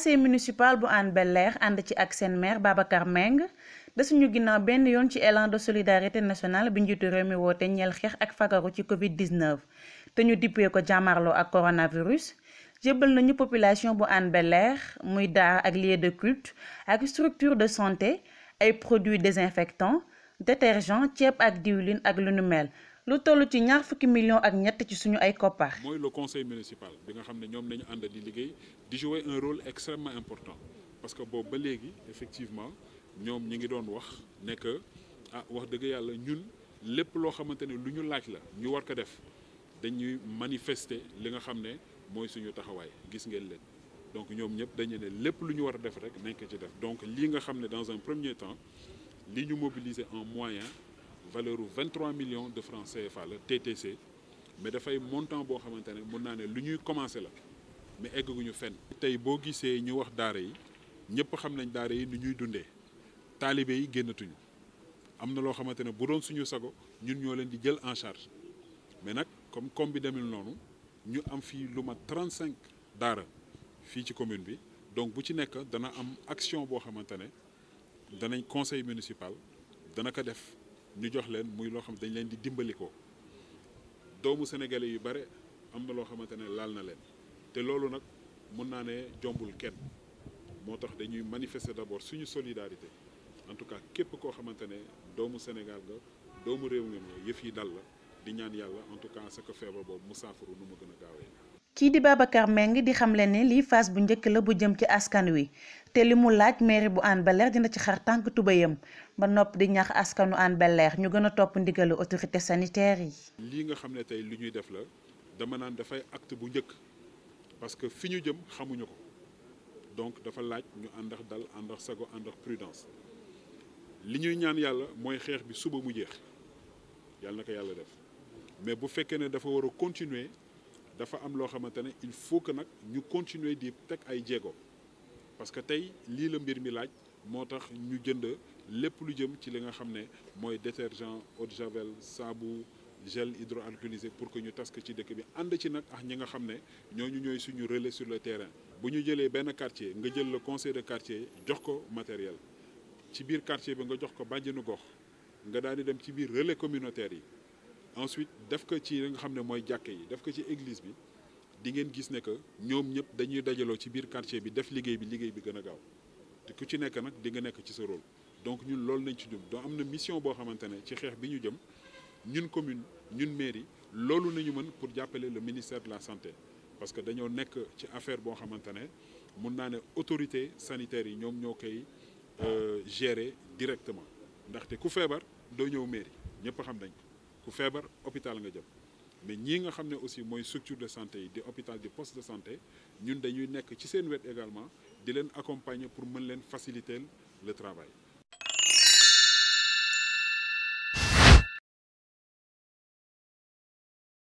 conseil municipal bu Hann Bel-Air ci ak sen maire Babacar Meng Mbengue desuñu ginnaw ben yoon ci élan de solidarité nationale bi njiitu réew wote woote xex ak fagaru ci Covid 19. te ñu dippee ko jamarlo ak coronavirus jébbal nañu population bu Hann bel muy daar ak lieu de culte ak structure de santé ay produits désinfectants détergents ceeb ak diwlin ak lu nu mel lu toll ci ñaar fukki millions ak ñett ci suñu ay koppar. mooy le conseil municipal bi nga xam ne ñoom nañu ànd di liggéey di jouer un rôle extrêmement important parce que boobu ba léegi effectivement ñoom ñi ngi doon wax ne que ah wax dëgg yàlla ñun lépp loo xamante ne lu ñu laaj la ñu war ko def dañuy manifester li nga xam ne mooy suñu taxawaay gis ngeen leen donc ñoom ñëpp dañu ne lépp lu ñu war a def rek nañ ci def donc lii nga xam ne dans un premier temps li ñu mobiliser en moyens, valeur bu 23 millions de francs CFA la TTC mais dafay montant boo xamante ne mën naa ne lu ñuy mais eggaguñu fenn. tey boo gisee ñu wax daara yi ñëpp xam nañ daara yi nu ñuy dundee taalibe yi génnatuñu am na loo xamante ne bu doon suñu sago ñun ñoo di jël en charge mais nag comme comme bi demil noonu ñu am fii lu 35 daara fii ci commune bi donc bu ci nekk dana am action boo xamante ne danañ conseil municipal dana ko def. ñu jox leen muy loo xam dañ leen di dimbali ko doomu sénégalais yu bare am na loo xamante ne laal na leen te loolu nag mun naa ne jombul kenn moo tax dañuy manifester d'abord suñu solidarité en tout cas képp koo xamante ne doomu Sénégal nga doomu réew mi nga yëf yi dal la di ñaan yàlla en tout cas ce que feebar boobu mu saafaru nu ma gën a gaawee. ki di Babacar meng di xamle ne li phase bu njëkk la bu jëm ci askan wi te limu laaj mairie bu Hann bel dina ci xar tank tubayam ba nopp di ñax askanu an bel ñu gëna top ndigal autorité sanitaire yi. nga xam ne li lu ñuy def la dama da fay acte bu njëkk parce que fiñu jëm xamuñu ko donc dafa laaj ñu andax dal andax sago andax prudence li ñuy ñaan yalla moy xex bi suba mu jeex yalla naka yalla def mais bu fekkene dafa wara continuer. dafa am lo xamantene il faut que nak ñu continuer di teg ay djégo parce que tay li le mbir mi laaj motax ñu jënd lepp lu jëm ci li nga xamné ne détergent eau de javel sabou, gel hydroalcoolisé pour que ñu tas ci dëkk bi and ci nak ak ñi nga xamné ñoo ñooñu suñu relais sur le terrain. bu ñu jëlé ben quartier nga jël le conseil de quartier jox ko matériel ci biir quartier bi nga jox ko bàjjenu gox nga daal di dem ci biir relais communautaire yi ensuite def ko ci nga xamne moy mooy def ko ci église bi di ngeen gis ne que ñom ñep dañuy dajaloo ci biir quartier bi def liggéey bi liggéey bi gëna a gaaw te ku ci nekk nak di nga nekk ci sa rôle donc ñun lool nañ ci jëm donc amna mission bo xamante ci xex bi ñu jëm ñun commune ñun mairie loolu nañu mën pour jàppale le ministère de la santé parce que dañoo nekk ci affaire bo xamante mën naa ne autorité sanitaire yi ñoom ñoo koy euh, gérer directement ndaxte ku feebar doo ñëw mairie ñëpp xam nañ ko ku feebar hôpital nga jëm mais nous, nga aussi une structure de santé des hôpitaux, des postes poste de santé nous dañuy nekk ci seen wet également di accompagner pour faciliter le travail